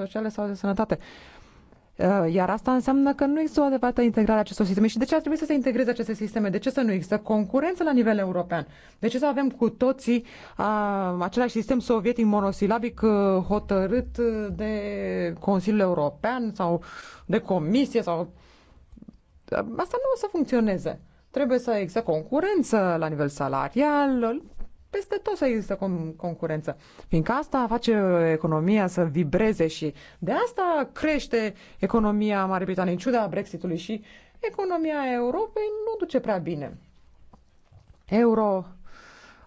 sociale sau de sănătate. Uh, iar asta înseamnă că nu există o adevărată integrare a acestor sisteme. Și de ce ar trebui să se integreze aceste sisteme? De ce să nu există concurență la nivel european? De ce să avem cu toții a, uh, același sistem sovietic monosilabic uh, hotărât de Consiliul European sau de Comisie? sau Asta nu o să funcționeze. Trebuie să există concurență la nivel salarial, peste tot să există con- concurență. Fiindcă asta face economia să vibreze și de asta crește economia Marii Britanii, în ciuda Brexitului și economia Europei nu duce prea bine. Euro uh,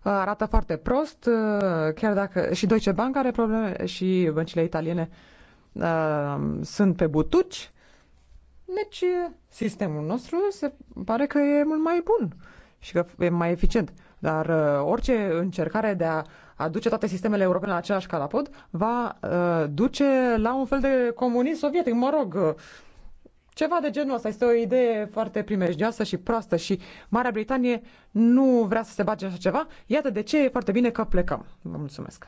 arată foarte prost, uh, chiar dacă și Deutsche Bank are probleme și băncile italiene uh, sunt pe butuci. Deci sistemul nostru se pare că e mult mai bun și că e mai eficient. Dar uh, orice încercare de a aduce toate sistemele europene la același calapod va uh, duce la un fel de comunism sovietic, mă rog, uh, ceva de genul ăsta. Este o idee foarte primejdioasă și proastă și Marea Britanie nu vrea să se bage așa ceva. Iată de ce e foarte bine că plecăm. Vă mulțumesc.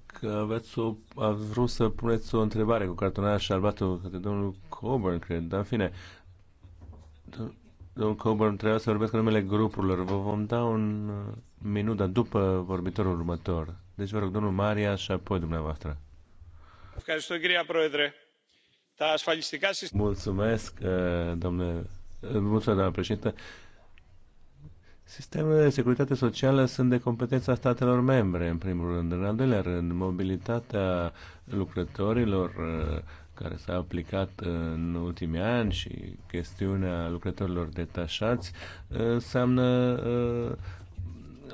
că aveți o, a vrut să puneți o întrebare cu și albatul către domnul Coburn, cred, dar în fine. Domnul Coburn trebuia să vorbesc în numele grupurilor. Vă vom da un uh, minut, dar după vorbitorul următor. Deci vă rog, domnul Maria și apoi dumneavoastră. Mulțumesc, uh, domnule, uh, mulțumesc, doamnă președinte. Sistemele de securitate socială sunt de competența statelor membre, în primul rând. În al doilea rând, mobilitatea lucrătorilor uh, care s-a aplicat în ultimii ani și chestiunea lucrătorilor detașați uh, înseamnă uh,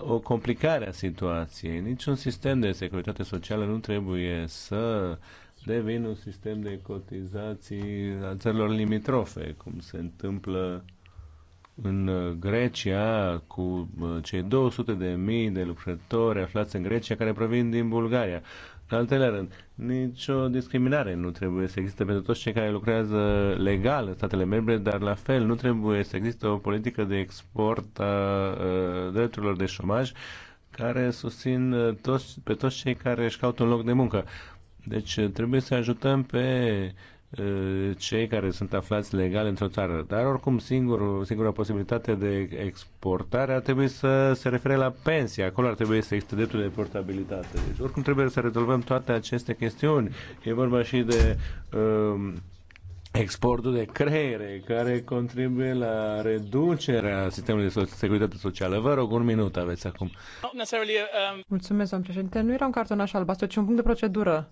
o complicare a situației. Niciun sistem de securitate socială nu trebuie să devină un sistem de cotizații a țărilor limitrofe, cum se întâmplă în uh, Grecia cu uh, cei 200 de mii de lucrători aflați în Grecia care provin din Bulgaria. În al treilea rând, nicio discriminare nu trebuie să existe pentru toți cei care lucrează legal în statele membre, dar la fel nu trebuie să existe o politică de export a uh, drepturilor de șomaj care susțin toți, pe toți cei care își caută un loc de muncă. Deci trebuie să ajutăm pe uh, Eh, cei care sunt aflați legal într-o țară. Dar oricum singur, singura posibilitate de exportare ar trebui să se refere la pensie. Acolo ar trebui să existe dreptul de portabilitate. Deci oricum trebuie să rezolvăm toate aceste chestiuni. E vorba și de um, exportul de creiere care contribuie la reducerea sistemului de securitate socială. Vă rog, un minut aveți acum. Um, Mulțumesc, domnul președinte. Nu era un cartonaș albastru, ci un punct de procedură.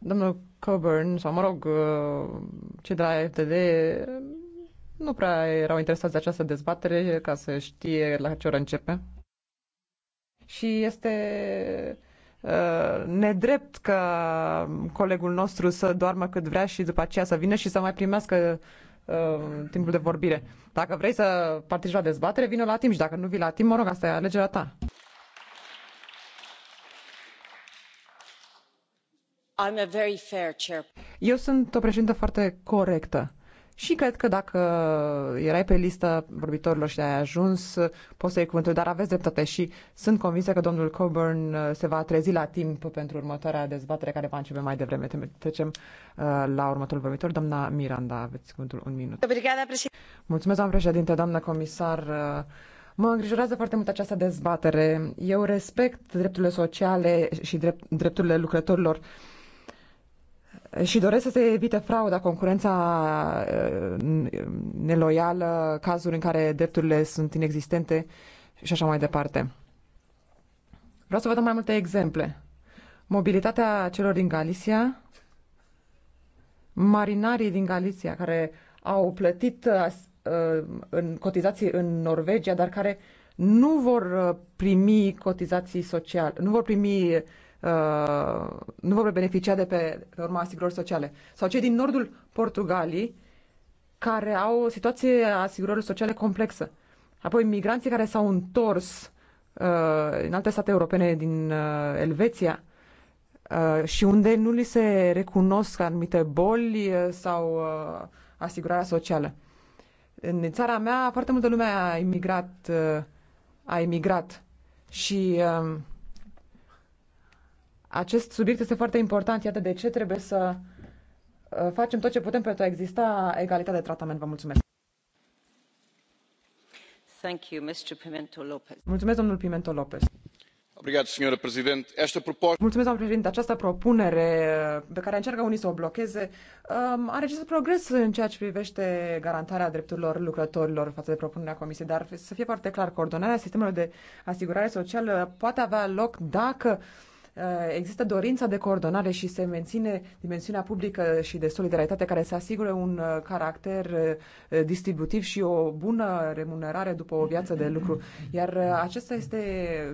Domnul Coburn, sau mă rog, uh, cei de la FTD nu prea erau interesați de această dezbatere ca să știe la ce oră începe. Și este uh, nedrept ca colegul nostru să doarmă cât vrea și după aceea să vină și să mai primească uh, timpul de vorbire. Dacă vrei să participi la dezbatere, vină la timp și dacă nu vii la timp, mă rog, asta e alegerea ta. Eu sunt o președintă foarte corectă. Și cred că dacă erai pe listă vorbitorilor și ai ajuns, poți să iei cuvântul, dar aveți dreptate și sunt convinsă că domnul Coburn uh, se va trezi la timp pentru următoarea dezbatere care va începe mai devreme. Trecem uh, la următorul vorbitor. Doamna Miranda, aveți cuvântul un minut. Mulțumesc, doamnă președinte, doamnă comisar. Uh, mă îngrijorează foarte mult această dezbatere. Eu respect drepturile sociale și drept, drepturile lucrătorilor și doresc să se evite frauda, concurența uh, neloială, cazuri în care drepturile sunt inexistente și așa mai departe. Vreau să vă dau mai multe exemple. Mobilitatea celor din Galicia, marinarii din Galicia care au plătit uh, uh, în cotizații în Norvegia, dar care nu vor primi cotizații sociale, nu vor primi Uh, nu vor beneficia de pe, pe urma asigurări sociale. Sau cei din nordul Portugalii, care au o situație asigurări sociale complexă. Apoi migranții care s-au întors uh, în alte state europene din uh, Elveția uh, și unde nu li se recunosc anumite boli uh, sau uh, asigurarea socială. În țara mea foarte multă lume a emigrat, uh, a emigrat și uh, acest subiect este foarte important, iată de ce trebuie să uh, facem tot ce putem pentru a exista egalitate de tratament. Vă mulțumesc. Thank you, Mr. Pimento Lopez. Mulțumesc, domnul Pimento Lopez. Mulțumesc, doamnă președinte. Această propunere uh, pe care încearcă unii să o blocheze um, a registrat progres în ceea ce privește garantarea drepturilor lucrătorilor față de propunerea Comisiei, dar să fie foarte clar, coordonarea sistemelor de asigurare socială poate avea loc dacă Uh, există dorința de coordonare și se menține dimensiunea publică și de solidaritate care să asigure un uh, caracter uh, distributiv și o bună remunerare după o viață de lucru. Iar acesta este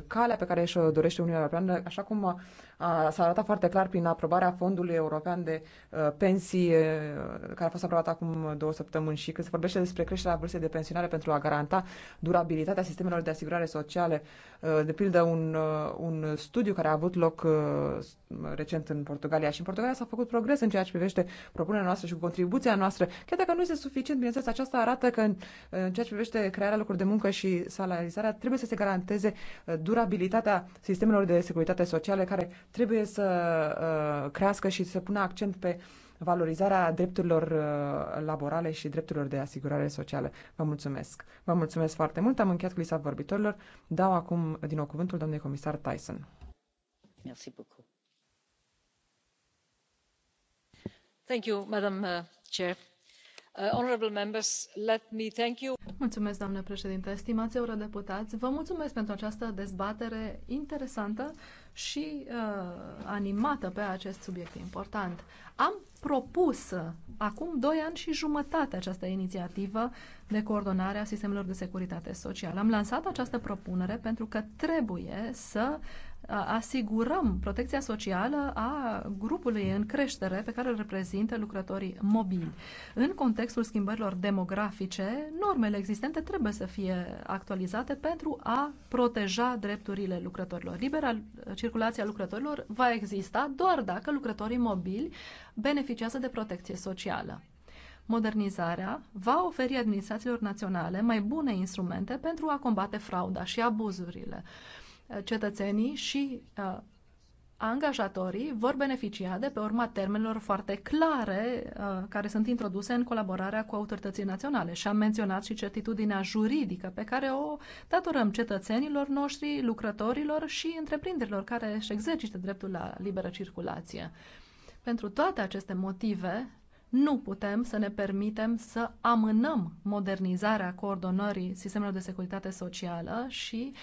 calea pe care și-o dorește Uniunea Europeană, așa cum S-a arătat foarte clar prin aprobarea Fondului European de uh, Pensii, uh, care a fost aprobat acum două săptămâni și când se vorbește despre creșterea vârstei de pensionare pentru a garanta durabilitatea sistemelor de asigurare sociale. Uh, de pildă, un, un studiu care a avut loc recent în Portugalia și în Portugalia s-a făcut progres în ceea ce privește propunerea noastră și contribuția noastră. Chiar dacă nu este suficient, bineînțeles, aceasta arată că în, ceea ce privește crearea locurilor de muncă și salarizarea, trebuie să se garanteze durabilitatea sistemelor de securitate sociale care trebuie să uh, crească și să pună accent pe valorizarea drepturilor uh, laborale și drepturilor de asigurare socială. Vă mulțumesc. Vă mulțumesc foarte mult. Am încheiat cu lista vorbitorilor. Dau acum din nou cuvântul domnului comisar Tyson. Merci beaucoup. Thank you, Madam uh, Chair. Uh, mulțumesc, doamnă președintă stimați eurodeputați vă mulțumesc pentru această dezbatere interesantă și uh, animată pe acest subiect important. Am propus uh, acum doi ani și jumătate această inițiativă de coordonare a sistemelor de securitate socială. Am lansat această propunere pentru că trebuie să uh, asigurăm protecția socială a grupului în creștere pe care îl reprezintă lucrătorii mobili. În contextul schimbărilor demografice, normele existente trebuie să fie actualizate pentru a proteja drepturile lucrătorilor. Libera circulația lucrătorilor va exista doar dacă lucrătorii mobili beneficiază de protecție socială. Modernizarea va oferi administrațiilor naționale mai bune instrumente pentru a combate frauda și abuzurile. Uh, cetățenii și uh, angajatorii vor beneficia de pe urma termenilor foarte clare uh, care sunt introduse în colaborarea cu autorității naționale. Și am menționat și certitudinea juridică pe care o datorăm cetățenilor noștri, lucrătorilor și întreprinderilor care își exercită dreptul la liberă circulație. Pentru toate aceste motive, nu putem să ne permitem să amânăm modernizarea coordonării sistemelor de securitate socială și uh,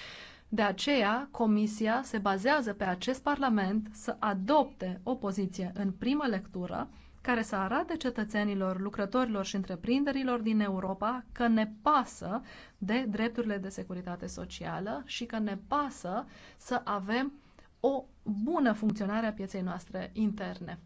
de aceea, Comisia se bazează pe acest Parlament să adopte o poziție în primă lectură care să arate cetățenilor, lucrătorilor și întreprinderilor din Europa că ne pasă de drepturile de securitate socială și că ne pasă să avem o bună funcționare a pieței noastre interne.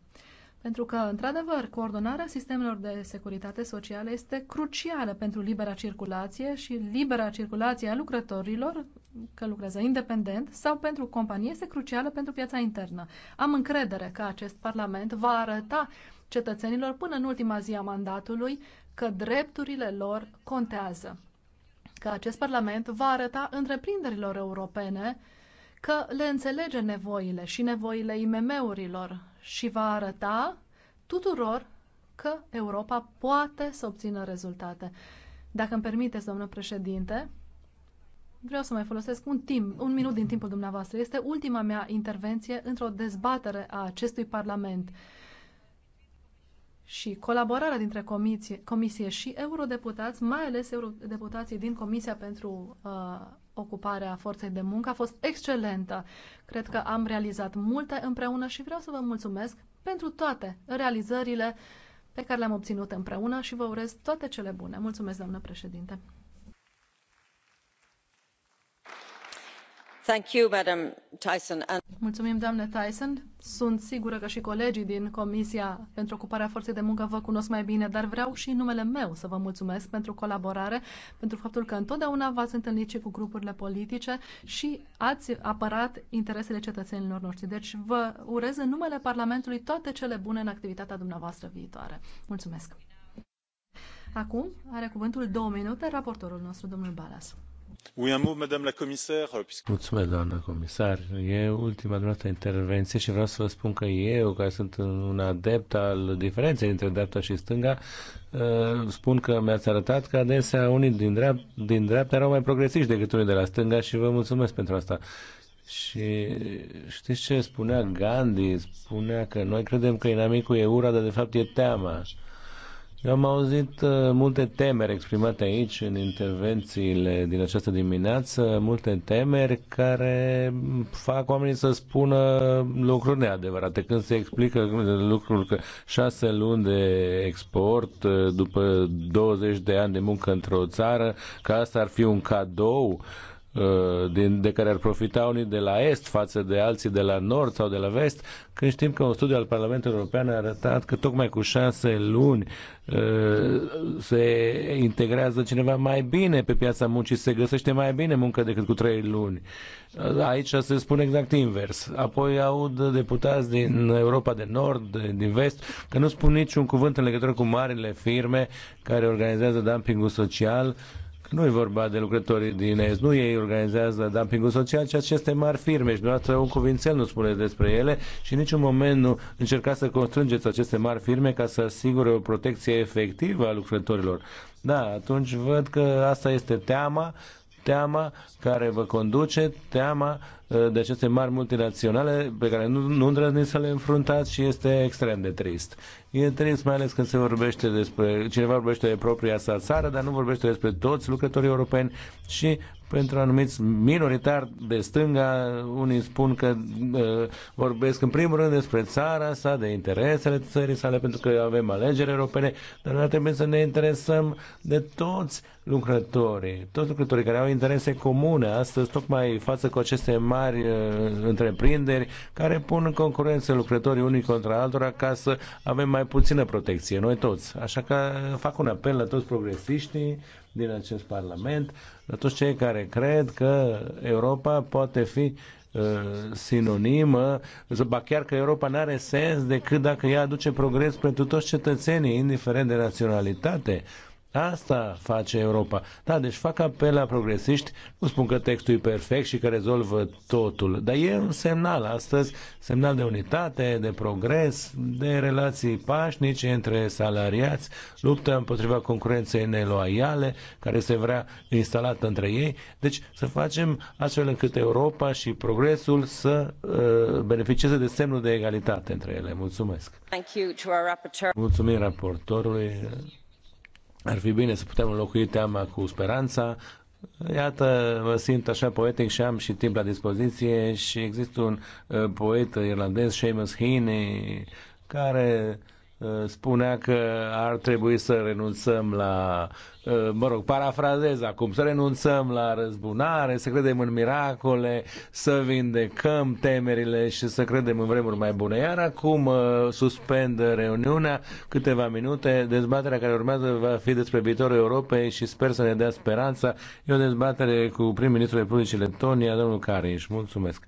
Pentru că, într-adevăr, coordonarea sistemelor de securitate socială este crucială pentru libera circulație și libera circulație a lucrătorilor, că lucrează independent, sau pentru companie, este crucială pentru piața internă. Am încredere că acest Parlament va arăta cetățenilor până în ultima zi a mandatului că drepturile lor contează. Că acest Parlament va arăta întreprinderilor europene că le înțelege nevoile și nevoile IMM-urilor și va arăta tuturor că Europa poate să obțină rezultate. Dacă îmi permiteți, domnul președinte, vreau să mai folosesc un, timp, un minut din timpul dumneavoastră. Este ultima mea intervenție într-o dezbatere a acestui Parlament. Și colaborarea dintre comisie, comisie și eurodeputați, mai ales eurodeputații din Comisia pentru uh, ocuparea forței de muncă a fost excelentă. Cred că am realizat multe împreună și vreau să vă mulțumesc pentru toate realizările pe care le-am obținut împreună și vă urez toate cele bune. Mulțumesc, doamnă președinte! Mulțumim, doamnă Tyson. Sunt sigură că și colegii din Comisia pentru Ocuparea Forței de Muncă vă cunosc mai bine, dar vreau și în numele meu să vă mulțumesc pentru colaborare, pentru faptul că întotdeauna v-ați întâlnit și cu grupurile politice și ați apărat interesele cetățenilor noștri. Deci vă urez în numele Parlamentului toate cele bune în activitatea dumneavoastră viitoare. Mulțumesc! Acum are cuvântul două minute raportorul nostru, domnul Balas. Mulțumesc, doamnă comisar. E ultima dumneavoastră intervenție și vreau să vă spun că eu, care sunt un adept al diferenței între dreapta și stânga, uh, spun că mi-ați arătat că adesea unii din, dreap, din dreapta erau mai progresiști decât unii de la stânga și vă mulțumesc pentru asta. Și știți ce spunea Gandhi? Spunea că noi credem că inamicul e ura, dar de fapt e teama. Eu am auzit uh, multe temeri exprimate aici în intervențiile din această dimineață, multe temeri care fac oamenii să spună lucruri neadevărate. Când se explică lucruri că șase luni de export uh, după 20 de ani de muncă într-o țară, că asta ar fi un cadou, Uh, din, de care ar profita unii de la est față de alții de la nord sau de la vest, când știm că un studiu al Parlamentului European a arătat că tocmai cu șase luni uh, se integrează cineva mai bine pe piața muncii, se găsește mai bine muncă decât cu trei luni. Uh, aici se spune exact invers. Apoi aud deputați din Europa de Nord, din Vest, că nu spun niciun cuvânt în legătură cu marile firme care organizează dumpingul social, nu e vorba de lucrătorii din EZ, nu ei organizează dumpingul social, ci aceste mari firme și dumneavoastră un cuvințel nu spuneți despre ele și în niciun moment nu încercați să constrângeți aceste mari firme ca să asigure o protecție efectivă a lucrătorilor. Da, atunci văd că asta este teama, teama care vă conduce, teama Eh, de aceste mari multinaționale pe care nu, nu îndrăzniți să le înfruntați și este extrem de trist. E trist mai ales când se vorbește despre, cineva vorbește de propria sa țară, dar nu vorbește despre toți lucrătorii europeni și pentru anumiți minoritari de stânga, unii spun că uh, vorbesc în primul rând despre țara sa, de interesele țării sale, pentru că avem alegeri europene, dar noi trebuie să ne interesăm de toți lucrătorii, toți lucrătorii care au interese comune astăzi, tocmai față cu aceste mari uh, întreprinderi care pun în concurență lucrătorii unii contra altora ca să avem mai puțină protecție, noi toți. Așa că fac un apel la toți progresiștii din acest Parlament, la toți cei care cred că Europa poate fi uh, sinonimă, ba chiar că Europa nu are sens decât dacă ea aduce progres pentru toți cetățenii, indiferent de naționalitate. Asta face Europa. Da, deci fac apel la progresiști, nu spun că textul e perfect și că rezolvă totul, dar e un semnal astăzi, semnal de unitate, de progres, de relații pașnice între salariați, luptă împotriva concurenței neloiale care se vrea instalată între ei. Deci să facem astfel încât Europa și progresul să uh, beneficieze de semnul de egalitate între ele. Mulțumesc! Mulțumim raportorului. Ar fi bine să putem înlocui teama cu speranța. Iată, mă simt așa poetic și am și timp la dispoziție și există un uh, poet irlandez, Seamus Heaney, care uh, Eh, spunea că ar trebui să renunțăm la, eh, mă rog, parafrazez acum, să renunțăm la răzbunare, să credem în miracole, să vindecăm temerile și să credem în vremuri mai bune. Iar acum eh, suspend reuniunea câteva minute. Dezbaterea care urmează va fi despre viitorul Europei și sper să ne dea speranța. E o dezbatere cu prim-ministrul Republicii Letonia, domnul Cariș. Mulțumesc!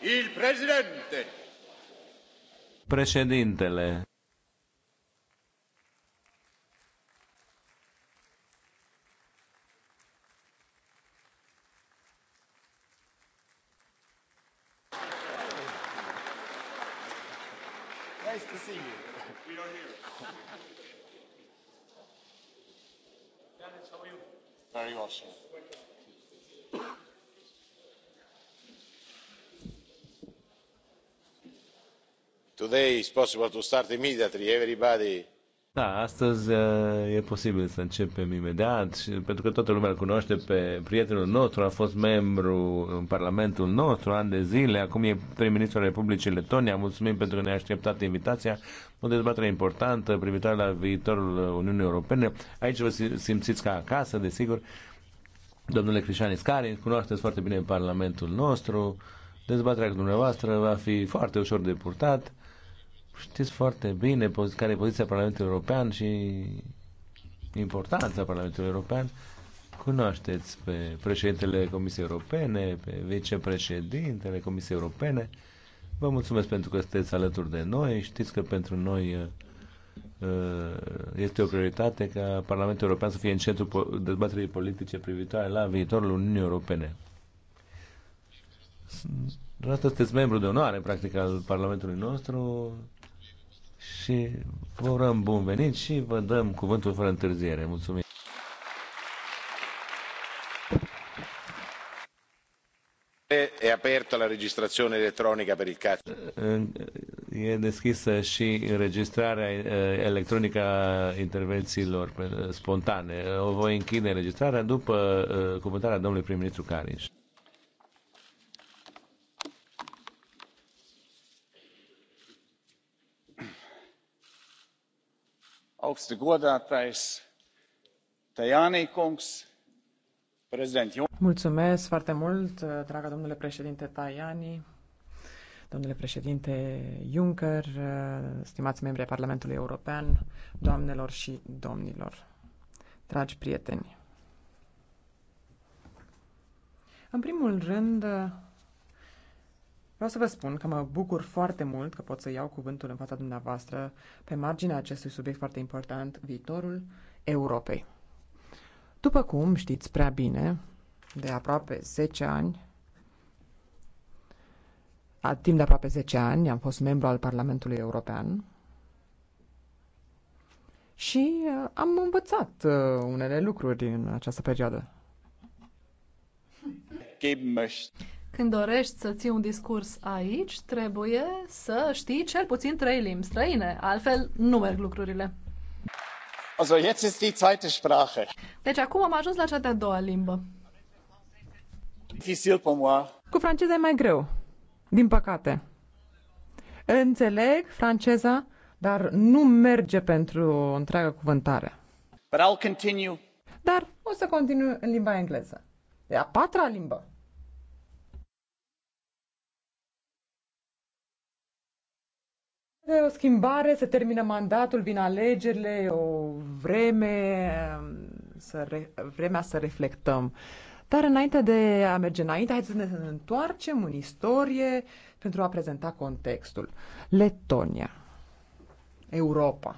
Il presidente. Președintele. Nice to see you. We Dennis, how are you? Very well, sir. Today is possible to start immediately. Everybody da, astăzi uh, e posibil să începem imediat, pentru că toată lumea îl cunoaște pe prietenul nostru, a fost membru în Parlamentul nostru ani de zile, acum e prim-ministru al Republicii Letonia, mulțumim pentru că ne-a așteptat invitația, o dezbatere importantă privitoare la viitorul Uniunii Europene. Aici vă simțiți ca acasă, desigur. Domnule Crișani Scari, cunoașteți foarte bine Parlamentul nostru, dezbaterea cu dumneavoastră va fi foarte ușor de purtat Știți foarte bine care e poziția Parlamentului European și importanța Parlamentului European. Cunoașteți pe președintele Comisiei Europene, pe vicepreședintele Comisiei Europene. Vă mulțumesc pentru că sunteți alături de noi. Știți că pentru noi uh, uh, este o prioritate ca Parlamentul European să fie în centrul dezbaterii politice privitoare la viitorul Uniunii Europene. Dumneavoastră sunteți membru de onoare, practic, al Parlamentului nostru și vă urăm bun venit și vă dăm cuvântul fără întârziere. Mulțumim! E aperta la registrazione elettronica per il caso. E deschisă și înregistrarea eh, electronică a intervențiilor eh, spontane. O voi închide înregistrarea după eh, cuvântarea domnului prim-ministru Cariș. augsti godātais tajani kungs prezident juncker. Mulțumesc foarte mult, dragă domnule președinte Tajani, domnule președinte Juncker, stimați membri ai Parlamentului European, doamnelor și domnilor, dragi prieteni. În primul rând, Vreau să vă spun că mă bucur foarte mult că pot să iau cuvântul în fața dumneavoastră pe marginea acestui subiect foarte important, viitorul Europei. După cum știți prea bine, de aproape 10 ani, a timp de aproape 10 ani am fost membru al Parlamentului European și uh, am învățat uh, unele lucruri din această perioadă când dorești să ții un discurs aici, trebuie să știi cel puțin trei limbi străine, altfel nu merg lucrurile. Also jetzt ist die zweite Sprache. Deci acum am ajuns la cea de-a doua limbă. pour moi. Cu franceza e mai greu, din păcate. Înțeleg franceza, dar nu merge pentru întreaga cuvântare. But I'll continue. Dar o să continui în limba engleză. E a patra limbă. E o schimbare, se termină mandatul, vin alegerile, o vreme, um, să re, vremea să reflectăm. Dar înainte de a merge înainte, hai să ne întoarcem în istorie pentru a prezenta contextul. Letonia, Europa.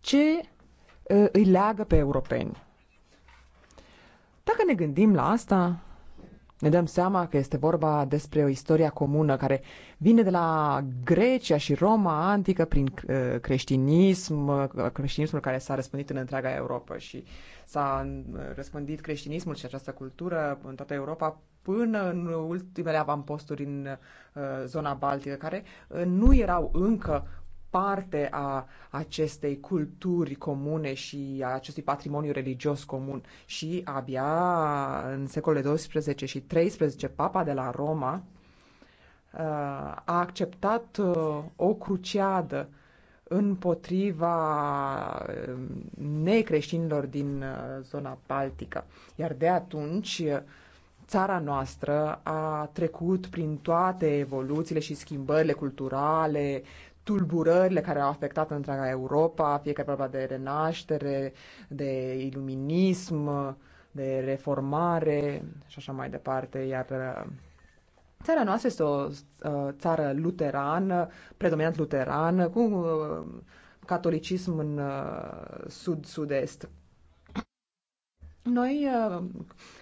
Ce uh, îi leagă pe europeni? Dacă ne gândim la asta, ne dăm seama că este vorba despre o istoria comună care vine de la Grecia și Roma antică prin uh, creștinism, uh, creștinismul care s-a răspândit în întreaga Europa și s-a uh, răspândit creștinismul și această cultură în toată Europa până în ultimele avamposturi în zona Baltică, care nu erau încă parte a acestei culturi comune și a acestui patrimoniu religios comun. Și abia în secolele 12 și 13, papa de la Roma uh, a acceptat uh, o cruciadă împotriva uh, necreștinilor din zona baltică. Iar de atunci țara noastră a trecut prin toate evoluțiile și schimbările culturale, tulburările care au afectat întreaga Europa, fie că vorba de renaștere, de iluminism, de reformare și așa mai departe, iar uh, țara noastră este o uh, țară luterană, predominant luterană, cu uh, catolicism în sud-sud-est. Noi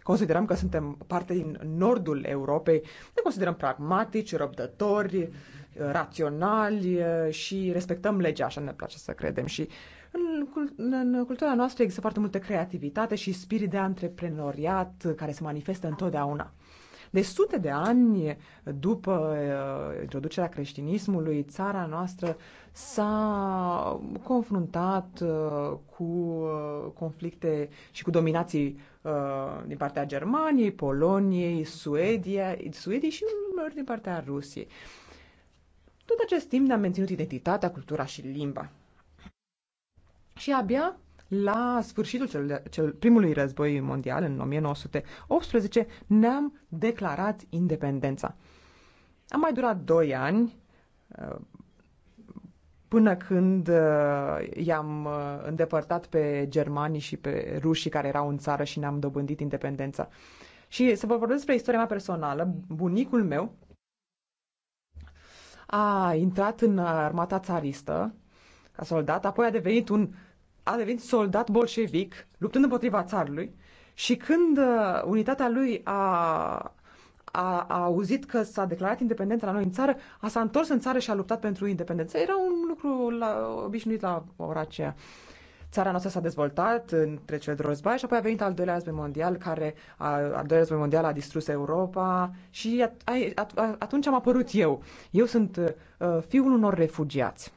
considerăm că suntem parte din nordul Europei, ne considerăm pragmatici, răbdători, mm raționali și respectăm legea, așa ne place să credem. Și în, în cultura noastră există foarte multă creativitate și spirit de antreprenoriat care se manifestă întotdeauna. De sute de ani după introducerea creștinismului, țara noastră s-a confruntat cu conflicte și cu dominații din partea Germaniei, Poloniei, Suedia, Suediei și uneori din partea Rusiei. Tot acest timp ne-am menținut identitatea, cultura și limba. Și abia la sfârșitul cel, cel primului război mondial, în 1918, ne-am declarat independența. A mai durat doi ani uh, până când uh, i-am uh, îndepărtat pe germanii și pe rușii care erau în țară și ne-am dobândit independența. Și să vă vorbesc despre istoria mea personală, bunicul meu a intrat în armata țaristă ca soldat, apoi a devenit un a devenit soldat bolșevic, luptând împotriva țarului și când uh, unitatea lui a, a, a auzit că s-a declarat independența la noi în țară, a s-a întors în țară și a luptat pentru independență. Era un lucru la, obișnuit la ora aceea. Uh, Țara noastră s-a dezvoltat între cele două războaie și apoi a venit al doilea război mondial, care a, al doilea război mondial a distrus Europa și at, a, at, atunci am apărut eu. Eu sunt uh, fiul unor refugiați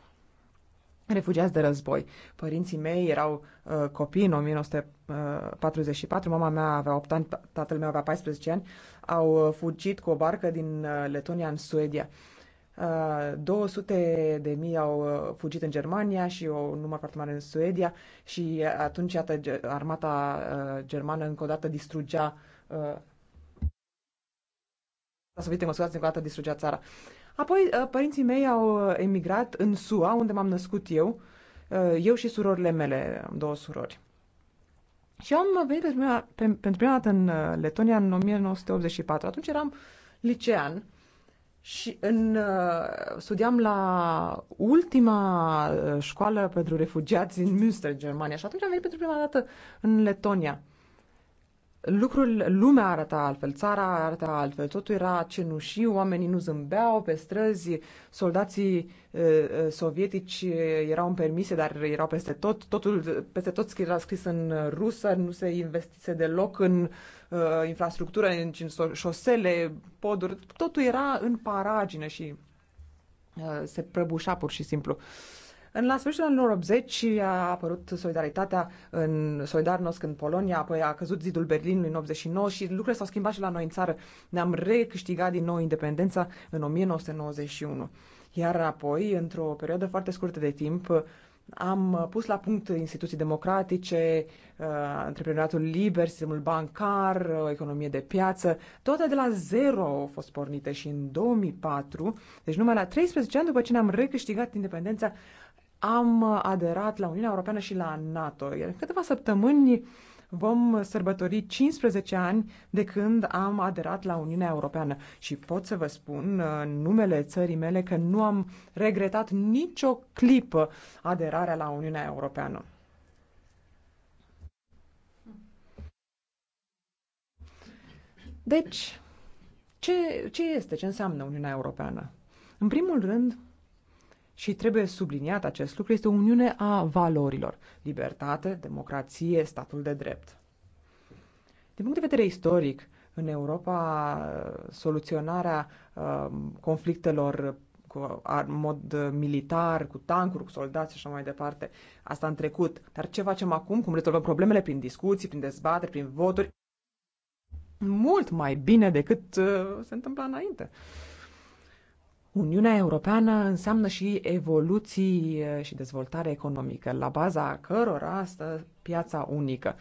refugiați de război. Părinții mei erau uh, copii în 1944, uh, mama mea avea 8 ani, tatăl meu avea 14 ani, au uh, fugit cu o barcă din uh, Letonia în Suedia. Uh, 200 uh, de mii au uh, fugit în Germania și o număr foarte mare în Suedia și uh, atunci, iată, armata germană încă o dată distrugea a mă scuzați, încă o dată distrugea țara. Apoi, părinții mei au emigrat în SUA, unde m-am născut eu, eu și surorile mele, două surori. Și am venit pentru prima, pentru prima dată în Letonia în 1984. Atunci eram licean și în, uh, studiam la ultima uh, școală pentru refugiați din Münster, Germania, și atunci am venit pentru prima dată în Letonia. Lucrul lumea arăta altfel, țara arăta altfel, totul era cenușiu, oamenii nu zâmbeau pe străzi, soldații uh, sovietici erau în permise, dar erau peste tot, totul, peste tot era scris în rusă, nu se investise deloc în uh, infrastructură, în, în șosele, poduri, totul era în paragine și uh, se prăbușa pur și simplu. Uh, în la sfârșitul anilor 80 a apărut solidaritatea în Solidarnosc în Polonia, apoi a căzut zidul Berlinului în 89 și lucrurile s-au schimbat și la noi în țară. Ne-am recâștigat din nou independența în 1991. Iar apoi, într-o perioadă foarte scurtă de timp, am pus la punct instituții democratice, uh, antreprenoriatul liber, sistemul bancar, o economie de piață. Toate de la zero au fost pornite și în 2004, deci numai la 13 ani după ce ne-am recâștigat independența, am aderat la Uniunea Europeană și la NATO. Iar în câteva săptămâni vom sărbători 15 ani de când am aderat la Uniunea Europeană și pot să vă spun în numele țării mele că nu am regretat nicio clipă aderarea la Uniunea Europeană. Deci, ce, ce este, ce înseamnă Uniunea Europeană? În primul rând, și trebuie subliniat acest lucru, este o uniune a valorilor. Libertate, democrație, statul de drept. Din punct de vedere istoric, în Europa, soluționarea uh, conflictelor cu, mod militar, cu tancuri, cu soldați și așa mai departe, asta în trecut. Dar ce facem acum? Cum rezolvăm problemele? Prin discuții, prin dezbateri, prin voturi. Mult mai bine decât uh, se întâmpla înainte. Uh, Uniunea Europeană înseamnă și evoluții eh, și dezvoltare economică, la baza cărora stă piața unică.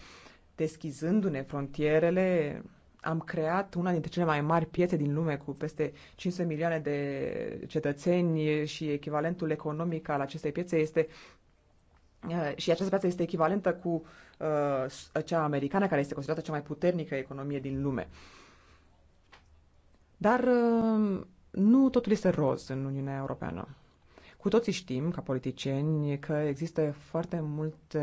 Deschizându-ne frontierele, am creat una dintre cele mai mari piețe din lume cu peste 500 milioane de cetățeni și echivalentul economic al acestei piețe este eh, și această piață este echivalentă cu uh, cea americană, care este considerată cea mai puternică economie din lume. Dar uh, nu totul este roz în Uniunea Europeană. Cu toții știm, ca politicieni, că există foarte mult uh,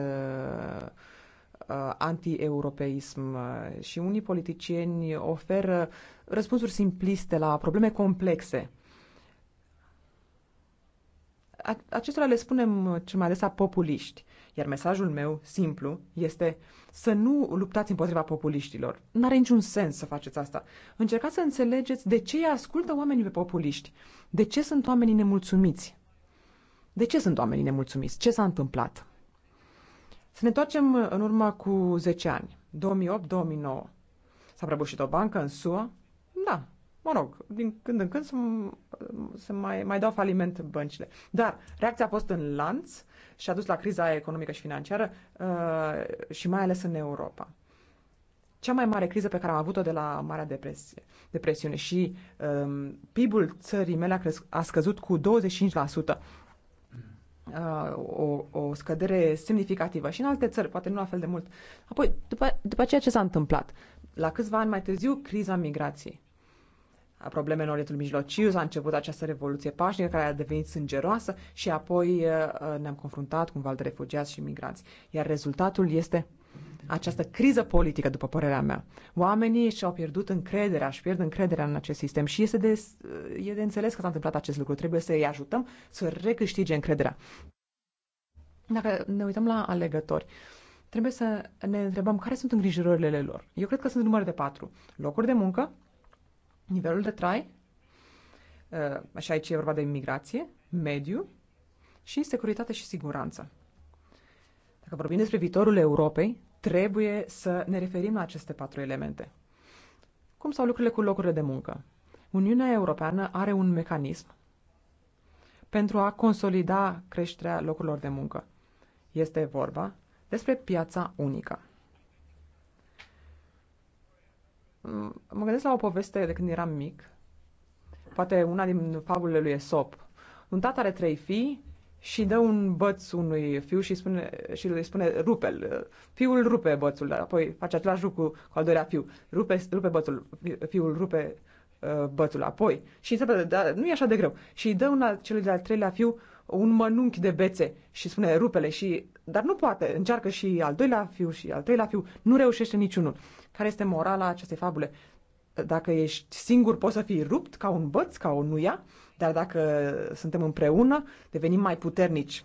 uh anti-europeism uh, și unii politicieni oferă răspunsuri simpliste la probleme complexe. Acestora le spunem uh, cel mai adesea populiști. Iar mesajul meu simplu este să nu luptați împotriva populiștilor. N-are niciun sens să faceți asta. Încercați să înțelegeți de ce ascultă oamenii pe populiști, de ce sunt oamenii nemulțumiți. De ce sunt oamenii nemulțumiți? Ce s-a întâmplat? Să ne întoarcem în urmă cu 10 ani, 2008-2009. S-a prăbușit o bancă în SUA? Da, mă rog, din când în când să, să mai, mai dau faliment băncile. Dar reacția a fost în lanț și a dus la criza economică și financiară uh, și mai ales în Europa. Cea mai mare criză pe care am avut-o de la Marea Depresie, Depresiune și um, PIB-ul țării mele a, cresc- a scăzut cu 25%. Uh, o, o scădere semnificativă și în alte țări, poate nu la fel de mult. Apoi, după, după ceea ce s-a întâmplat, la câțiva ani mai târziu, criza migrației a probleme în Orientul Mijlociu, s-a început această revoluție pașnică care a devenit sângeroasă și apoi uh, uh, ne-am confruntat cu un val de refugiați și migranți. Iar rezultatul este această criză politică, după părerea mea. Oamenii și-au pierdut încrederea, și pierd încrederea în acest sistem și este de, uh, e de înțeles că s-a întâmplat acest lucru. Trebuie să îi ajutăm să recâștige încrederea. Dacă ne uităm la alegători, trebuie să ne întrebăm care sunt îngrijorările lor. Eu cred că sunt număr de patru. Locuri de muncă, nivelul de trai, uh, așa aici e vorba de imigrație, mediu și securitate și siguranță. Dacă vorbim despre viitorul Europei, trebuie să ne referim la aceste patru elemente. Cum stau lucrurile cu locurile de muncă? Uniunea Europeană are un mecanism pentru a consolida creșterea locurilor de muncă. Este vorba despre piața unică. mă gândesc la o poveste de când eram mic, poate una din fabulele lui Esop. Un tată are trei fii și dă un băț unui fiu și, spune, și îi spune rupel. Fiul rupe bățul, apoi face același lucru cu al doilea fiu. Rupe, rupe bățul, fiul rupe uh, bățul apoi. Și înseamnă, dar nu e așa de greu. Și îi dă una, celui de-al treilea fiu un mănunchi de bețe și spune rupele și... Dar nu poate, încearcă și al doilea fiu și al treilea fiu, nu reușește niciunul. Care este morala acestei fabule? Dacă ești singur, poți să fii rupt ca un băț, ca o nuia, dar dacă suntem împreună, devenim mai puternici.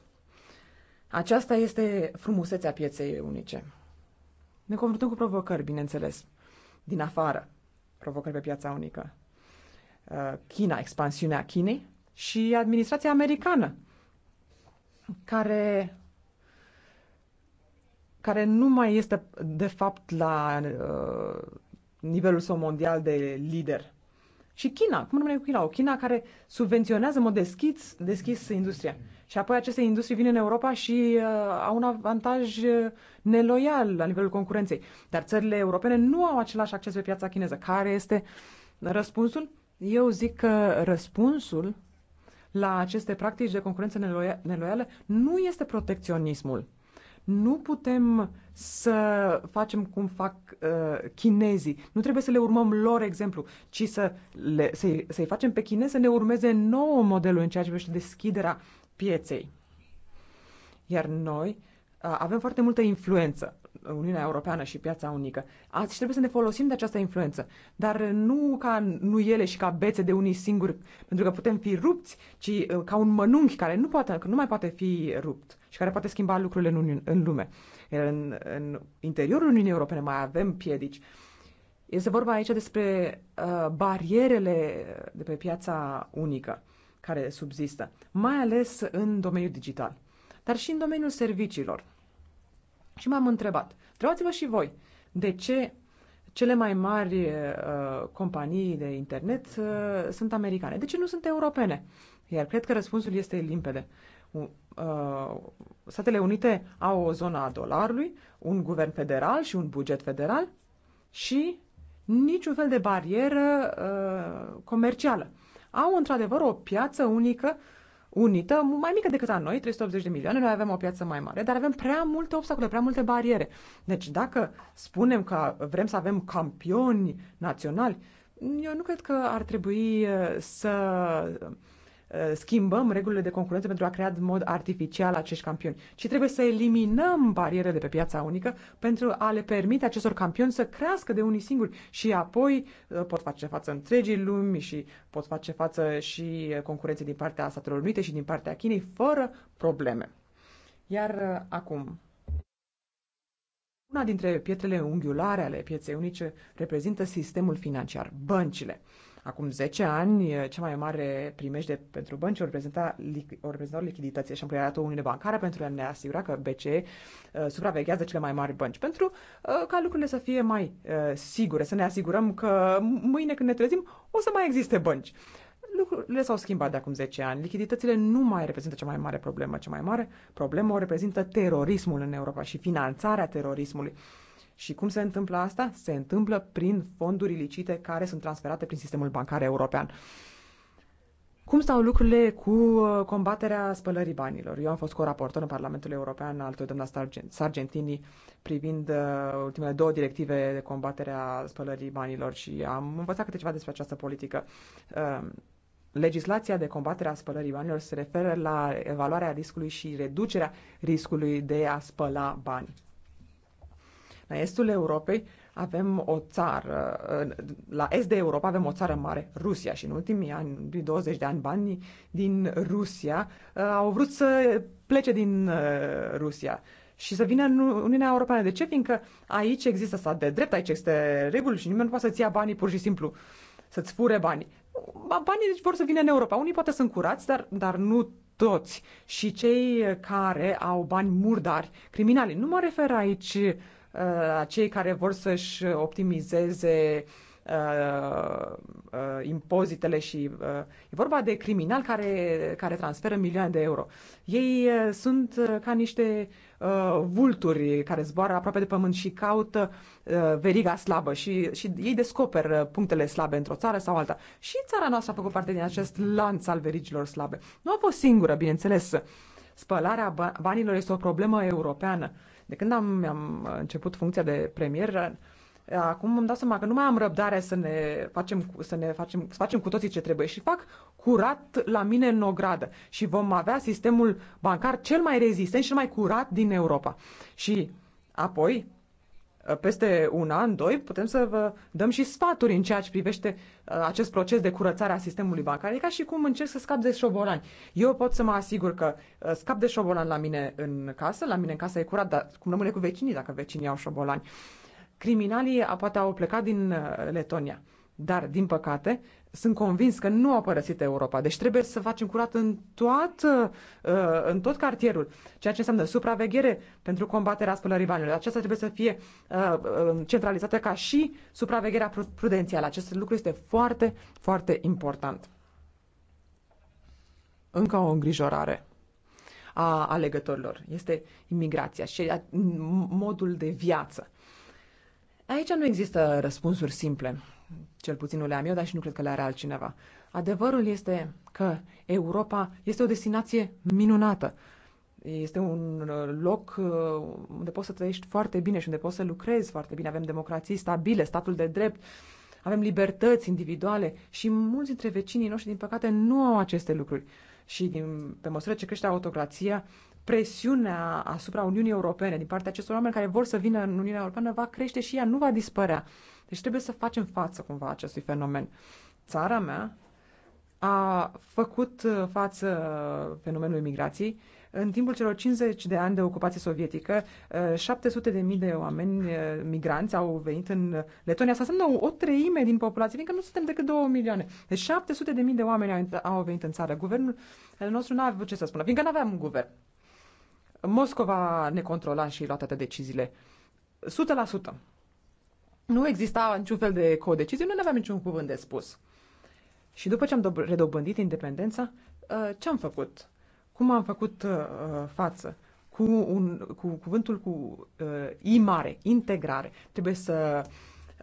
Aceasta este frumusețea pieței unice. Ne confruntăm cu provocări, bineînțeles, din afară, provocări pe piața unică. Uh, China, expansiunea Chinei și administrația americană, care care nu mai este de fapt la uh, nivelul său mondial de lider. Și China, cum rămâne cu China? O China care subvenționează în mod deschis, deschis industria. Și apoi aceste industrie vin în Europa și uh, au un avantaj neloial la nivelul concurenței. Dar țările europene nu au același acces pe piața chineză. Care este răspunsul? Eu zic că răspunsul la aceste practici de concurență neloială nu este protecționismul. Nu putem să facem cum fac uh, chinezii. Nu trebuie să le urmăm lor exemplu, ci să le, să-i, să-i facem pe chinezi să ne urmeze nouă modelul în ceea ce privește deschiderea pieței. Iar noi Uh, avem foarte multă influență, uh, Uniunea Europeană și piața unică. Și trebuie să ne folosim de această influență, dar nu ca nuiele și ca bețe de unii singuri, pentru că putem fi rupți, ci uh, ca un mănunchi care nu, poate, nu mai poate fi rupt și care poate schimba lucrurile în, în lume. în, în interiorul Uniunii Europene mai avem piedici. Este vorba aici despre uh, barierele de pe piața unică care subzistă, mai ales în domeniul digital, dar și în domeniul serviciilor. Și m-am întrebat, întrebați-vă și voi, de ce cele mai mari uh, companii de internet uh, sunt americane? De ce nu sunt europene? Iar cred că răspunsul este limpede. Uh, Statele Unite au o zonă a dolarului, un guvern federal și un buget federal și niciun fel de barieră uh, comercială. Au într-adevăr o piață unică uh, unită, mai mică decât a noi, 380 de milioane, noi avem o piață mai mare, dar avem prea multe obstacole, prea multe bariere. Deci dacă spunem că vrem să avem campioni naționali, eu nu cred că ar trebui eh, să Uh, schimbăm regulile de concurență pentru a crea în mod artificial acești campioni, ci trebuie să eliminăm barierele de pe piața unică pentru a le permite acestor campioni să crească de unii singuri și apoi uh, pot face față întregii lumi și pot face față și uh, concurenței din partea Statelor Unite și din partea Chinei fără probleme. Iar acum, una dintre pietrele unghiulare ale pieței unice reprezintă sistemul financiar, băncile acum 10 ani, cea mai mare primește pentru bănci o reprezenta, o reprezenta lichiditățile și o Uniunii Bancare pentru a ne asigura că BCE uh, supraveghează cele mai mari bănci, pentru uh, ca lucrurile să fie mai uh, sigure, să ne asigurăm că mâine când ne trezim o să mai existe bănci. Lucrurile s-au schimbat de acum 10 ani. Lichiditățile nu mai reprezintă cea mai mare problemă. Cea mai mare problemă o reprezintă terorismul în Europa și finanțarea terorismului. Uh, și cum se întâmplă asta? Se întâmplă prin fonduri ilicite care sunt transferate prin sistemul bancar european. Cum stau lucrurile cu uh, combaterea spălării banilor? Eu am fost co-raportor în Parlamentul European al doamna Sargentini privind uh, ultimele două directive de combatere a spălării banilor și am învățat câte ceva despre această politică. Uh, legislația de combatere a spălării banilor se referă la evaluarea riscului și reducerea riscului de a spăla bani la estul Europei avem o țară, la est de Europa avem o țară mare, Rusia, și în ultimii ani, 20 de ani, banii din Rusia uh, au vrut să plece din uh, Rusia și să vină în Uniunea Europeană. De ce? Fiindcă aici există stat de drept, aici este reguli și nimeni nu poate să-ți ia banii pur și simplu, să-ți fure banii. Banii deci vor să vină în Europa. Unii poate sunt curați, dar, dar nu toți. Și cei care au bani murdari, criminali. Nu mă refer aici Uh, cei care vor să-și optimizeze uh, uh, impozitele și uh, e vorba de criminali care, care transferă milioane de euro. Ei uh, sunt uh, ca niște uh, vulturi care zboară aproape de pământ și caută uh, veriga slabă și, și ei descoperă punctele slabe într-o țară sau alta. Și țara noastră a făcut parte din acest lanț al verigilor slabe. Nu a fost singură, bineînțeles. Spălarea banilor este o problemă europeană de când am, am început funcția de premier, acum îmi dau seama că nu mai am răbdare să ne facem, să ne facem, să facem cu toții ce trebuie și fac curat la mine în ogradă și vom avea sistemul bancar cel mai rezistent și cel mai curat din Europa. Și apoi Uh, peste un an, doi, putem să vă dăm și sfaturi în ceea ce privește uh, acest proces de curățare a sistemului bancar. E ca și cum încerc să scap de șobolani. Eu pot să mă asigur că uh, scap de șobolan la mine în casă, la mine în casă e curat, dar cum rămâne cu vecinii dacă vecinii au șobolani. Criminalii poate au plecat din Letonia, dar, din păcate, sunt convins că nu a părăsit Europa. Deci trebuie să facem curat în, toată, uh, în tot cartierul, ceea ce înseamnă supraveghere pentru combaterea spălării banilor. Aceasta trebuie să fie uh, uh, centralizată ca și supravegherea prudențială. Acest lucru este foarte, foarte important. Încă o îngrijorare a alegătorilor este imigrația și modul de viață. Aici nu există răspunsuri simple. Cel puțin nu le am eu, dar și nu cred că le are altcineva. Adevărul este că Europa este o destinație minunată. Este un uh, loc uh, unde poți să trăiești foarte bine și unde poți să lucrezi foarte bine. Avem democrații stabile, statul de drept, avem libertăți individuale și mulți dintre vecinii noștri, din păcate, nu au aceste lucruri. Și din, pe măsură ce crește autocrația, presiunea asupra Uniunii Europene din partea acestor oameni care vor să vină în Uniunea Europeană va crește și ea, nu va dispărea. Deci trebuie să facem față cumva acestui fenomen. Țara mea a făcut uh, față uh, fenomenului migrației în timpul celor 50 de ani de ocupație sovietică, 700 uh, de mii de oameni migranți au venit în Letonia. Asta înseamnă o treime din populație, fiindcă nu suntem decât 2 milioane. Deci 700 de mii de oameni au venit în țară. Guvernul nostru nu a avut ce să spună, fiindcă nu aveam un guvern. Moscova ne controla și lua toate deciziile. 100% nu exista niciun fel de codecizie, nu aveam niciun cuvânt de spus. Și după ce am redobândit independența, uh, ce am făcut? Cum am făcut uh, față? Cu, un, cu cuvântul cu uh, I mare, integrare. Trebuie să uh,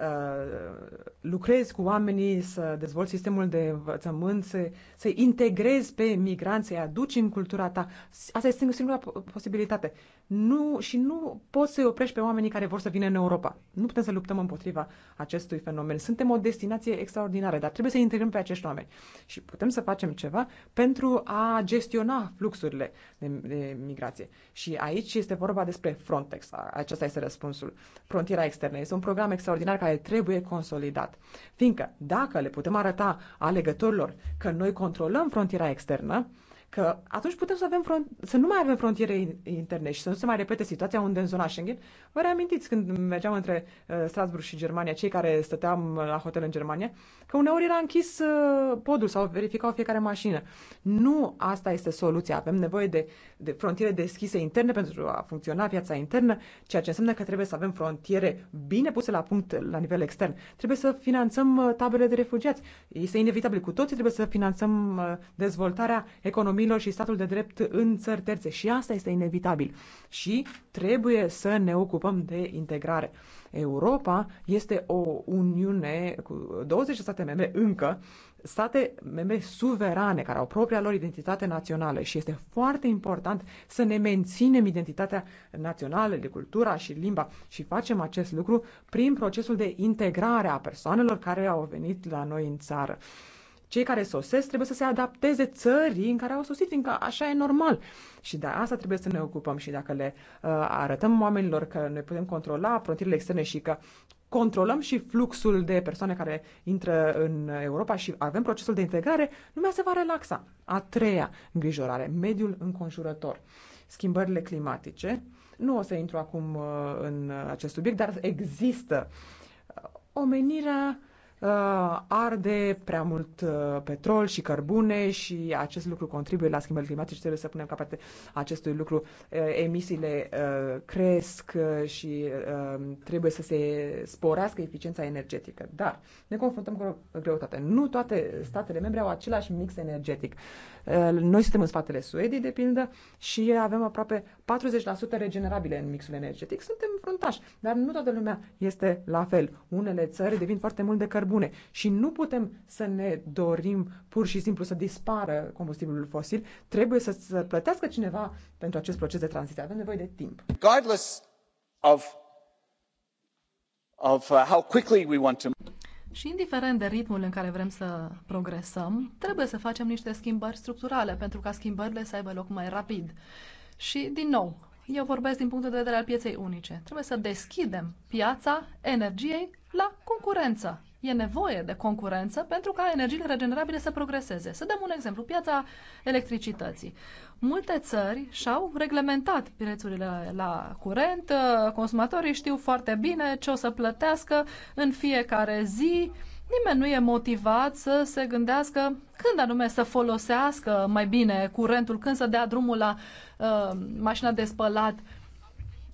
Uh, lucrezi cu oamenii, să dezvolți sistemul de învățământ, să, să integrezi pe migranți, să-i aduci în cultura ta. Asta este singura posibilitate. Nu, și nu poți să-i oprești pe oamenii care vor să vină în Europa. Nu putem să luptăm împotriva acestui fenomen. Suntem o destinație extraordinară, dar trebuie să integrăm pe acești oameni. Și putem să facem ceva pentru a gestiona fluxurile de, de migrație. Și aici este vorba despre Frontex. Acesta este răspunsul. Frontiera externă este un program extraordinar care care trebuie consolidat. Fiindcă dacă le putem arăta alegătorilor că noi controlăm frontiera externă, că atunci putem să, avem front- să nu mai avem frontiere interne și să nu se mai repete situația unde în zona Schengen. Vă reamintiți când mergeam între uh, Strasburg și Germania, cei care stăteam uh, la hotel în Germania, că uneori era închis uh, podul sau verificau fiecare mașină. Nu asta este soluția. Avem nevoie de, de frontiere deschise interne pentru a funcționa piața internă, ceea ce înseamnă că trebuie să avem frontiere bine puse la punct la nivel extern. Trebuie să finanțăm uh, tabele de refugiați. Este inevitabil cu toții, trebuie să finanțăm uh, dezvoltarea economiei economiilor și statul de drept în țări terțe. Și asta este inevitabil. Și trebuie să ne ocupăm de integrare. Europa este o uniune cu 20 state membre încă, state membre suverane, care au propria lor identitate națională și este foarte important să ne menținem identitatea națională, de cultura și limba și facem acest lucru prin procesul de integrare a persoanelor care au venit la noi în țară cei care sosesc trebuie să se adapteze țării în care au sosit, fiindcă așa e normal. Și de asta trebuie să ne ocupăm și dacă le uh, arătăm oamenilor că ne putem controla frontierele externe și că controlăm și fluxul de persoane care intră în Europa și avem procesul de integrare, lumea se va relaxa. A treia îngrijorare, mediul înconjurător, schimbările climatice. Nu o să intru acum uh, în acest subiect, dar există. Omenirea uh, arde prea mult uh, petrol și cărbune și acest lucru contribuie la schimbările climatice și trebuie să punem capăt acestui lucru. Uh, emisiile uh, cresc uh, și uh, trebuie să se sporească eficiența energetică. Dar ne confruntăm cu o greutate. Nu toate statele membre au același mix energetic. Uh, Eh, noi suntem în spatele Suediei, de pildă, și avem aproape 40% regenerabile în mixul energetic. Suntem fruntași, dar nu toată lumea este la fel. Unele țări devin foarte mult de cărbune și nu putem să ne dorim pur și simplu să dispară combustibilul fosil. Trebuie să, plătească cineva pentru acest proces de tranziție. Avem nevoie de timp. Regardless of, of uh, how quickly we want to și indiferent de ritmul în care vrem să progresăm, trebuie să facem niște schimbări structurale pentru ca schimbările să aibă loc mai rapid. Și, din nou, eu vorbesc din punctul de vedere al pieței unice. Trebuie să deschidem piața energiei la concurență. E nevoie de concurență pentru ca energiile regenerabile să progreseze. Să dăm un exemplu, piața electricității. Multe țări și-au reglementat prețurile la curent, consumatorii știu foarte bine ce o să plătească în fiecare zi, nimeni nu e motivat să se gândească când anume să folosească mai bine curentul, când să dea drumul la uh, mașina de spălat.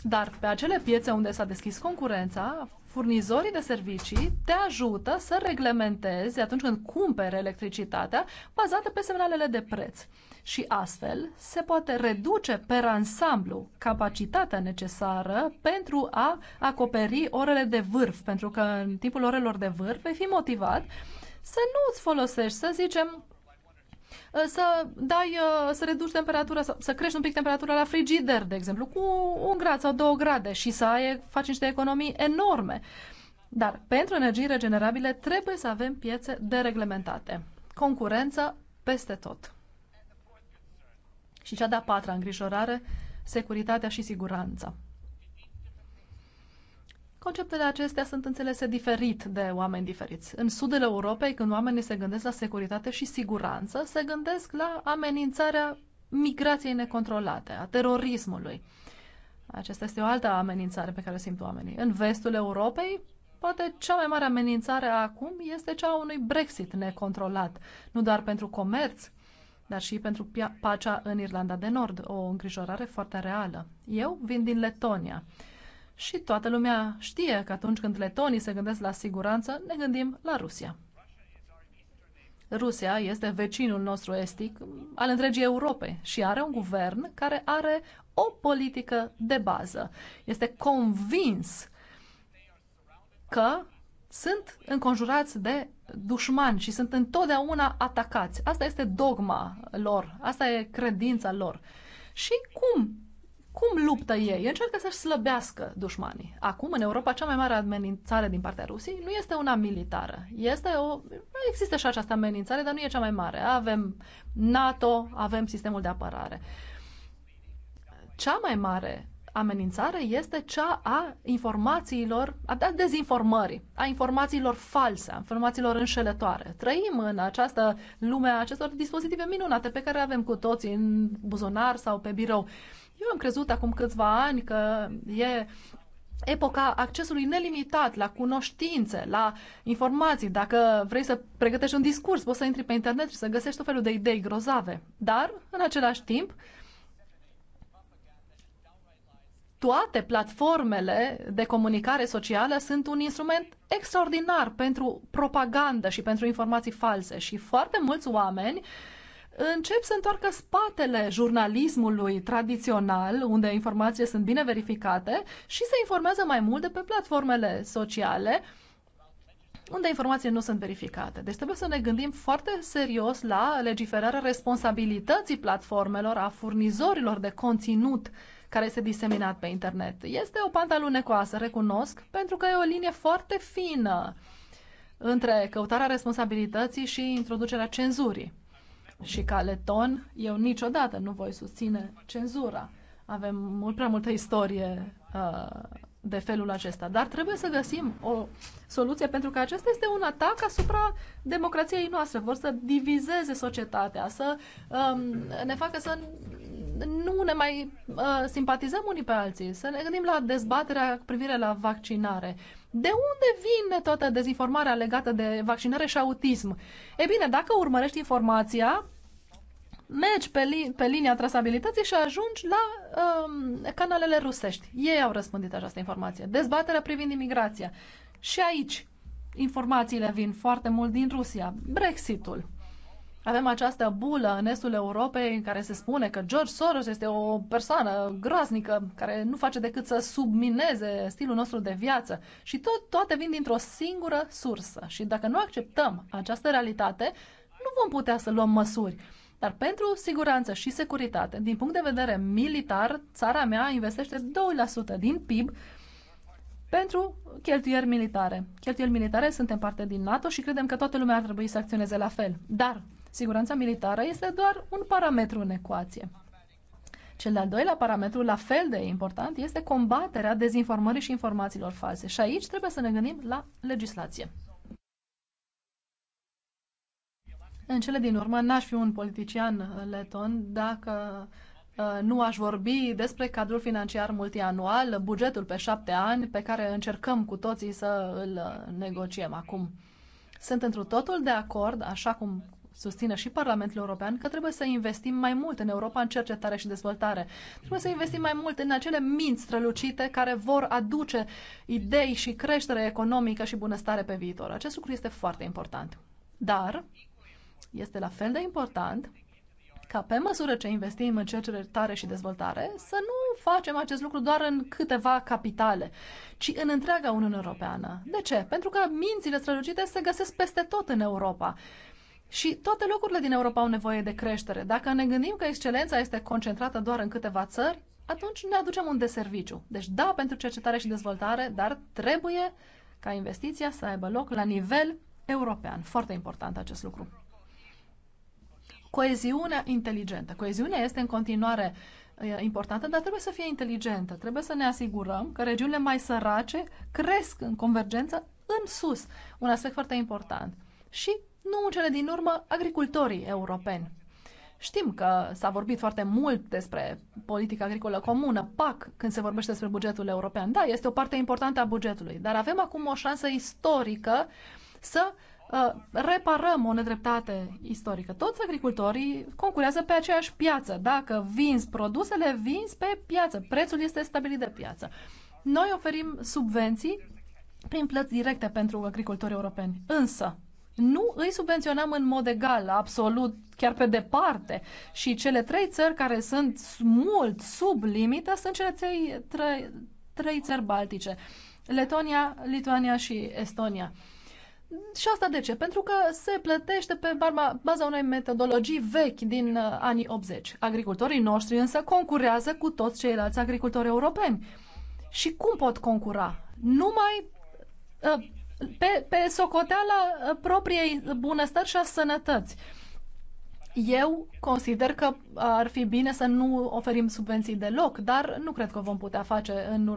Dar pe acele piețe unde s-a deschis concurența, furnizorii de servicii te ajută să reglementezi atunci când cumpere electricitatea bazată pe semnalele de preț. Și astfel se poate reduce pe ansamblu capacitatea necesară pentru a acoperi orele de vârf, pentru că în timpul orelor de vârf vei fi motivat să nu îți folosești, să zicem, Ă, să dai, ă, să reduci temperatura, să, să crești un pic temperatura la frigider, de exemplu, cu un grad sau două grade și să ai, faci niște economii enorme. Dar pentru energii regenerabile trebuie să avem piețe dereglementate. Concurență peste tot. Și cea de-a patra îngrijorare, securitatea și siguranța. Conceptele acestea sunt înțelese diferit de oameni diferiți. În sudul Europei, când oamenii se gândesc la securitate și siguranță, se gândesc la amenințarea migrației necontrolate, a terorismului. Aceasta este o altă amenințare pe care o simt oamenii. În vestul Europei, poate cea mai mare amenințare acum este cea a unui Brexit necontrolat, nu doar pentru comerț, dar și pentru pacea în Irlanda de Nord, o îngrijorare foarte reală. Eu vin din Letonia și toată lumea știe că atunci când letonii se gândesc la siguranță, ne gândim la Rusia. Rusia este vecinul nostru estic al întregii Europe și are un guvern care are o politică de bază. Este convins că sunt înconjurați de dușmani și sunt întotdeauna atacați. Asta este dogma lor, asta e credința lor. Și cum cum luptă ei? Încearcă să-și slăbească dușmanii. Acum, în Europa, cea mai mare amenințare din partea Rusiei nu este una militară. Este o... Există și această amenințare, dar nu e cea mai mare. Avem NATO, avem sistemul de apărare. Cea mai mare amenințare este cea a informațiilor, a dezinformării, a informațiilor false, a informațiilor înșelătoare. Trăim în această lume a acestor dispozitive minunate pe care le avem cu toții în buzunar sau pe birou. Uh, eu am crezut acum câțiva ani că e epoca accesului nelimitat la cunoștințe, la informații. Dacă vrei să pregătești un discurs, poți să intri pe internet și să găsești tot felul de idei grozave. Dar, în același timp, toate platformele de comunicare socială sunt un instrument extraordinar pentru propagandă și pentru informații false și foarte mulți oameni uh, încep să întoarcă spatele jurnalismului tradițional, unde informațiile sunt bine verificate, și se informează mai mult de pe platformele sociale, unde informațiile nu sunt verificate. Deci trebuie să ne gândim foarte serios la legiferarea responsabilității platformelor, a furnizorilor de conținut care este diseminat pe internet. Este o pantalunecoasă, recunosc, pentru că e o linie foarte fină între căutarea responsabilității și introducerea cenzurii și ca leton, eu niciodată nu voi susține cenzura. Avem mult prea multă istorie uh, de felul acesta. Dar trebuie să găsim o soluție pentru că acesta este un atac asupra democrației noastre. Vor să divizeze societatea, să um, ne facă să nu ne mai uh, simpatizăm unii pe alții, să ne gândim la dezbaterea cu privire la vaccinare. De unde vine toată dezinformarea legată de vaccinare și autism? E bine, dacă urmărești informația, mergi pe, li- pe linia trasabilității și ajungi la um, canalele rusești. Ei au răspândit această informație. Dezbaterea privind imigrația. Și aici informațiile vin foarte mult din Rusia. Brexitul. Avem această bulă în estul Europei în care se spune că George Soros este o persoană groaznică care nu face decât să submineze stilul nostru de viață și tot, toate vin dintr-o singură sursă. Și dacă nu acceptăm această realitate, nu vom putea să luăm măsuri. Dar pentru siguranță și securitate, din punct de vedere militar, țara mea investește 2% din PIB pentru cheltuieli militare. Cheltuieli militare suntem parte din NATO și credem că toată lumea ar trebui să acționeze la fel. Dar siguranța militară este doar un parametru în ecuație. Cel de-al doilea parametru, la fel de important, este combaterea dezinformării și informațiilor false. Și aici trebuie să ne gândim la legislație. În cele din urmă, n-aș fi un politician uh, leton dacă uh, nu aș vorbi despre cadrul financiar multianual, bugetul pe șapte ani pe care încercăm cu toții să îl uh, negociem acum. Sunt întru totul de acord, așa cum susține și Parlamentul European, că trebuie să investim mai mult în Europa în cercetare și dezvoltare. Trebuie să investim mai mult în acele minți strălucite care vor aduce idei și creștere economică și bunăstare pe viitor. Acest lucru este foarte important. Dar este la fel de important ca pe măsură ce investim în cercetare și dezvoltare, să nu facem acest lucru doar în câteva capitale, ci în întreaga Uniune Europeană. De ce? Pentru că mințile strălucite se găsesc peste tot în Europa. Și toate locurile din Europa au nevoie de creștere. Dacă ne gândim că excelența este concentrată doar în câteva țări, atunci ne aducem un deserviciu. Deci da pentru cercetare și dezvoltare, dar trebuie ca investiția să aibă loc la nivel european. Foarte important acest lucru coeziunea inteligentă. Coeziunea este în continuare importantă, dar trebuie să fie inteligentă. Trebuie să ne asigurăm că regiunile mai sărace cresc în convergență în sus. Un aspect foarte important. Și, nu în cele din urmă, agricultorii europeni. Știm că s-a vorbit foarte mult despre politica agricolă comună, PAC, când se vorbește despre bugetul european. Da, este o parte importantă a bugetului, dar avem acum o șansă istorică să Uh, reparăm o nedreptate istorică. Toți agricultorii concurează pe aceeași piață. Dacă vinzi produsele, vinzi pe piață. Prețul este stabilit de piață. Noi oferim subvenții prin plăți directe pentru agricultorii europeni. Însă, nu îi subvenționăm în mod egal, absolut, chiar pe departe. Și cele trei țări care sunt mult sub limită sunt cele trei, trei, trei țări baltice. Letonia, Lituania și Estonia. Și asta de ce? Pentru că se plătește pe baza unei metodologii vechi din uh, anii 80. Agricultorii noștri însă concurează cu toți ceilalți agricultori europeni. Și cum pot concura? Numai uh, pe, pe socoteala uh, propriei bunăstări și a sănătăți. Eu consider că ar fi bine să nu oferim subvenții deloc, dar nu cred că vom putea face în urmă.